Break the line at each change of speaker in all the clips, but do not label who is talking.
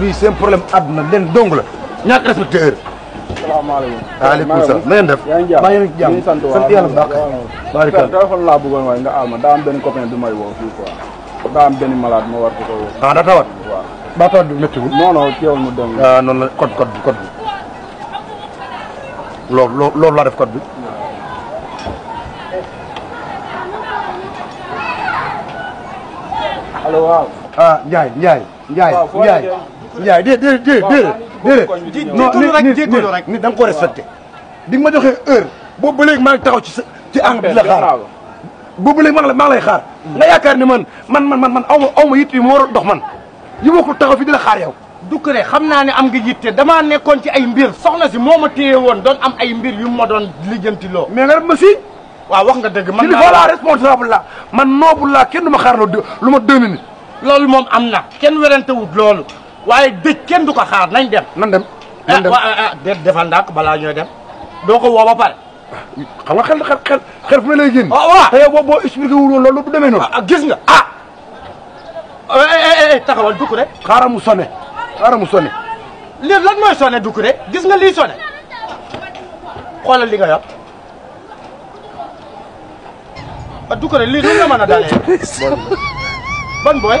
lii seen problème àdduna leen dong la ñàkk respecté heure. salaamaaleykum. waaleykum salaam na ngeen def. yaa ngi jàmm maa ngi jàmm sant yàlla bu baax. barika téléphone laa bëggoon waaye nga aal ma daa am benn copain du may woo fii quoi. daa am benn malade ma war ko ko woo. ah daa tawat. waaw daa tawat bi métti non non teewul mu dong. ah noonu la code code bi code bi. loolu loolu laa def code bi. allo waaw. ah Ndiaye Ndiaye. Ndiaye Ndiaye. Ndiaye déedéet déedéet déedéet déedéet. non nit nit da nga ko respecté. di nga ma joxe heure boobu ba léegi maa ngi taxaw ci sa ci ànd bi la xaar boobu ba léegi maa ngi lay xaar. Hmm. nga yaakaar ne man man man man aw ma aw ma yitt yi ma war a dox man yi ma ko taxaw fi di la xaar yow. Doucouré xam naa ne am nga yitte damaa nekkoon ci ay mbir soxna si moo ma téye woon doon am ay mbir yu ma doon lijjanti loo. mais nga def ma si. waaw wax nga dëgg man naa la responsable la man noobu laa kenn du ma xaar lu ma deux minutes. loolu moom am na kenn werante wut loolu waaye dëj kenn du ko xaar nañ dem. nan dem ah, nan dem ah, ah defal ndànk balaa ñooy dem doo ko woo ba pare. xam nga xel xel xel xel fu ne lay génn. waaw ah, waaw te yow boo boo expliqué wu loolu loolu du demee noonu. gis nga ah. Eh, eh, eh, taxawal dugg rek. xaaral mu sonné xaaral mu sonné. lii lan mooy sonné dugg rek gis nga lii sonné xoolal li nga yor. ah dugg rek lii noonu la mën a dalee. ban booy.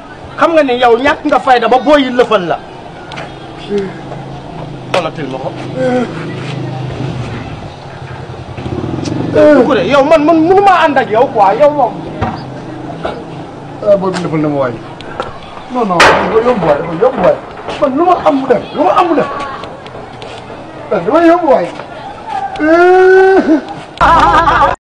xam nga ne yow ñàkk nga fayda ba booy yi lëfal la xoolatil ma ko ko de yow man man mënu maa ànd ak yow quoi yow moom booy bi lëfal na ma waay non non dafa yomb waay dafa yomb waay man lu ma am mu def lu ma am mu def dafa yomb waay